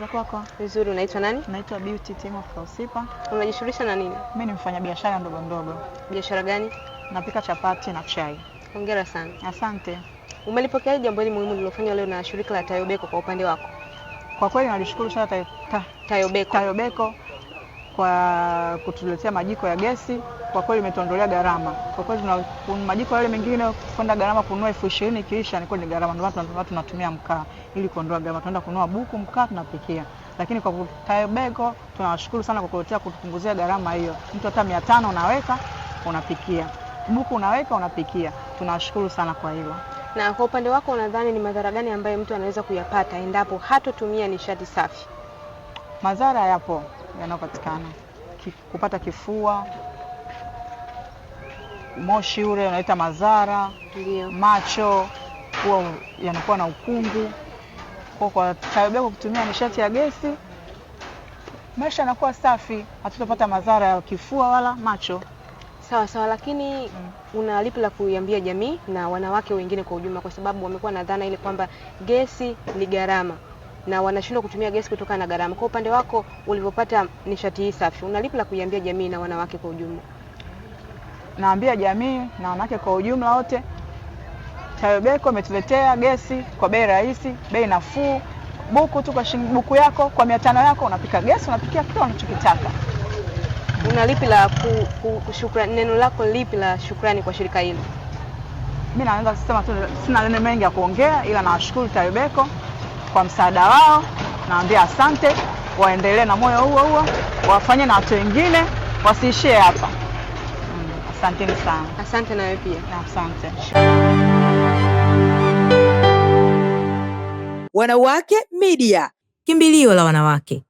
za kwako? Vizuri, unaitwa nani? Naitwa Beauty Timoth Kausipa. Unajishughulisha na nini? Mimi ni mfanyabiashara ndogo ndogo. Biashara gani? Napika chapati na chai. Hongera sana. Asante. Umelipokea jambo hili muhimu lilofanywa leo na shirika la Tayobeko kwa upande wako? Kwa kweli nalishukuru sana Tayobeko. Tayobeko kwa kutuletea majiko ya gesi, kwa kweli imetuondolea gharama. Kwa kweli tuna majiko yale mengine kwenda gharama kununua elfu ishirini ikiisha ni kweli ni gharama, ndio maana tunatumia mkaa ili kuondoa gharama. Tunaenda kununua buku mkaa tunapikia, lakini kwa Taibeco tunawashukuru sana kwa kuletea kutupunguzia gharama hiyo. Mtu hata 500 unaweka unapikia buku unaweka unapikia, tunawashukuru sana kwa hilo. Na kwa upande wako unadhani ni madhara gani ambayo mtu anaweza kuyapata endapo hatotumia nishati safi? Madhara yapo yanayopatikana kupata kifua, moshi ule unaleta madhara, macho huwa yanakuwa na ukungu. Kwa kwa tabia kwa kutumia nishati ya gesi, maisha yanakuwa safi, hatutapata madhara ya kifua wala macho. Sawa sawa, lakini mm, una lipi la kuiambia jamii na wanawake wengine kwa ujumla, kwa sababu wamekuwa na dhana ile kwamba gesi ni gharama na wanashindwa kutumia gesi kutokana na gharama. Kwa upande wako ulivyopata nishati hii safi, unalipi la kuiambia jamii na wanawake kwa ujumla? Naambia jamii na wanawake kwa ujumla wote, TARUBECO imetuletea gesi kwa bei rahisi, bei nafuu. Buku tu kwa shilingi buku yako kwa mia tano yako unapika gesi, unapikia kile unachokitaka. Una lipi la ku, ku, kushukrani, neno lako lipi la shukrani kwa shirika hili? Mimi naweza kusema tu, sina neno mengi ya kuongea, ila nawashukuru TARUBECO kwa msaada wao, naambia asante, waendelee na moyo huo huo, wafanye na watu wengine, wasiishie hapa. Mm, asanteni sana. Asante nawe wewe pia. Asante. Wanawake Media, kimbilio la wanawake.